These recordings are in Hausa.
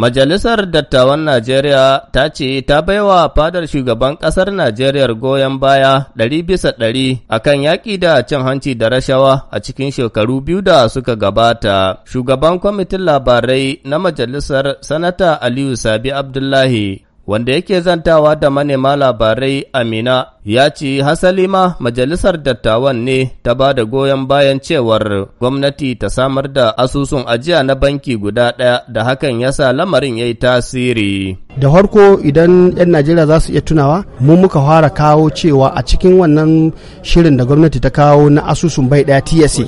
Majalisar Dattawan Najeriya ta ce ta baiwa fadar shugaban ƙasar Najeriya goyon baya ɗari bisa ɗari a kan yaƙi da cin hanci da rashawa a cikin shekaru biyu da suka gabata. Shugaban kwamitin labarai na majalisar Sanata Aliyu Sabi Abdullahi, wanda yake zantawa da manema labarai Amina ya ce hasali ma majalisar dattawan ne ta ba da goyon bayan cewar gwamnati ta samar da asusun ajiya na banki guda ɗaya da hakan ya sa lamarin ya yi tasiri. Da harko idan 'yan Najeriya za su iya tunawa, mu muka fara kawo cewa a cikin wannan shirin da gwamnati ta kawo na asusun bai ɗaya TSA.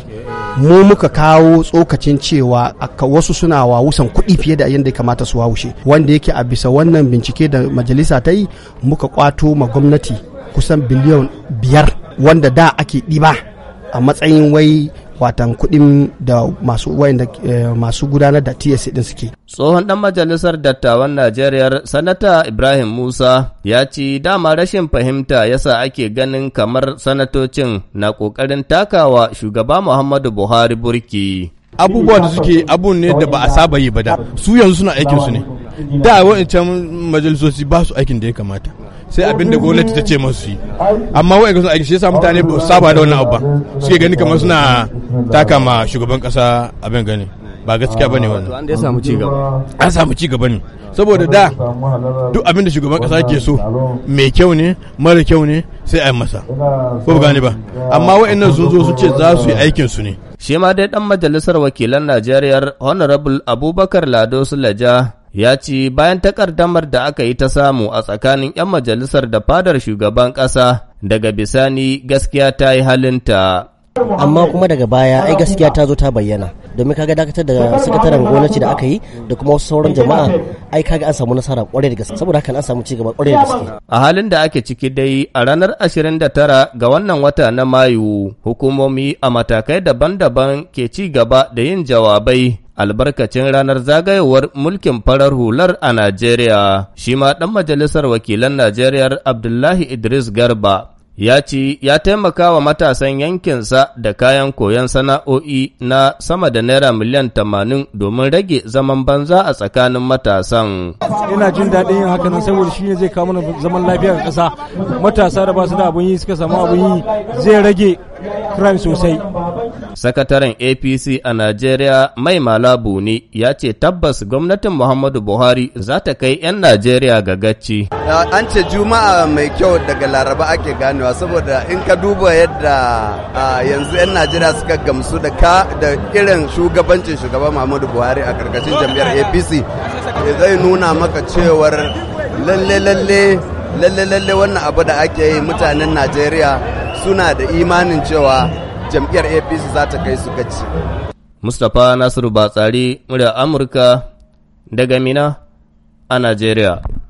mu muka kawo tsokacin cewa wasu suna wawusan kuɗi fiye da yadda ya kamata su wawushe wanda yake a bisa wannan bincike da majalisa ta yi muka kwato ma gwamnati kusan biliyon biyar wanda da ake ɗiba a matsayin wai watan kuɗin da masu wayanda eh, masu gudanar da TSC din suke. Tsohon ɗan majalisar dattawan Najeriya Sanata Ibrahim Musa ya ci dama rashin fahimta yasa ake ganin kamar sanatocin na ƙoƙarin takawa shugaba Muhammadu Buhari burki. abubuwa da suke abun ne da ba a saba yi ba da su yanzu suna aikin su ne da wa'ancan majalisoci ba su aikin da ya kamata sai abin da gwamnati ta ce masu yi amma wa'in sun aiki shi yasa mutane ba saba da wannan abu suke gani kamar suna taka ma shugaban kasa abin gani ba gaskiya bane wannan an da samu ci gaba an samu ci gaba ne saboda da duk abin da shugaban kasa ke so mai kyau ne mara kyau ne sai a yi masa ko gane ba amma wa'annan sun zo su ce za su yi aikin su ne shi ma dai dan majalisar wakilan Najeriya Honorable Abubakar Lado Sulaja ya ce bayan takardamar da aka yi ta samu a tsakanin 'yan majalisar da fadar shugaban kasa daga bisani gaskiya ta yi halinta. amma kuma daga baya ai gaskiya ta zo ta bayyana domin kaga dakatar da sakataren gwamnati da aka yi da kuma wasu sauran jama'a ai kaga an samu nasara kwarai da gaske saboda haka an samu cigaba kwarai da gaske a halin da ake ciki dai a ranar 29 ga wannan wata na mayu hukumomi a matakai daban-daban ke ci gaba da yin jawabai albarkacin ranar zagayowar mulkin farar hular a Najeriya. Shi ma ɗan majalisar wakilan Najeriya Abdullahi Idris Garba ya ci ya taimaka wa matasan yankinsa da kayan koyon sana'o'i na sama da naira miliyan tamanin domin rage zaman banza a tsakanin matasan. Ina jin daɗin yin haka nan saboda shi ne zai kawo mana zaman lafiyar ƙasa. Matasa da ba su da abun yi suka samu abun yi zai rage crime sosai. Sakataren APC a Najeriya Mai Malabu ne ya ce tabbas gwamnatin Muhammadu Buhari za ta kai 'yan Najeriya ga gacci. An ce Juma'a mai kyau daga Laraba ake ganewa saboda in ka duba yadda yanzu 'yan Najeriya suka gamsu da ka da irin shugabancin shugaba Muhammadu Buhari a karkashin jam'iyyar APC eh, zai nuna maka cewar lalle lalle lalle lalle wannan abu da ake yi mutanen Najeriya suna da imanin cewa jam'iyyar apc za ta kai su gaci mustapha nasiru batsari murya amurka daga mina a najeriya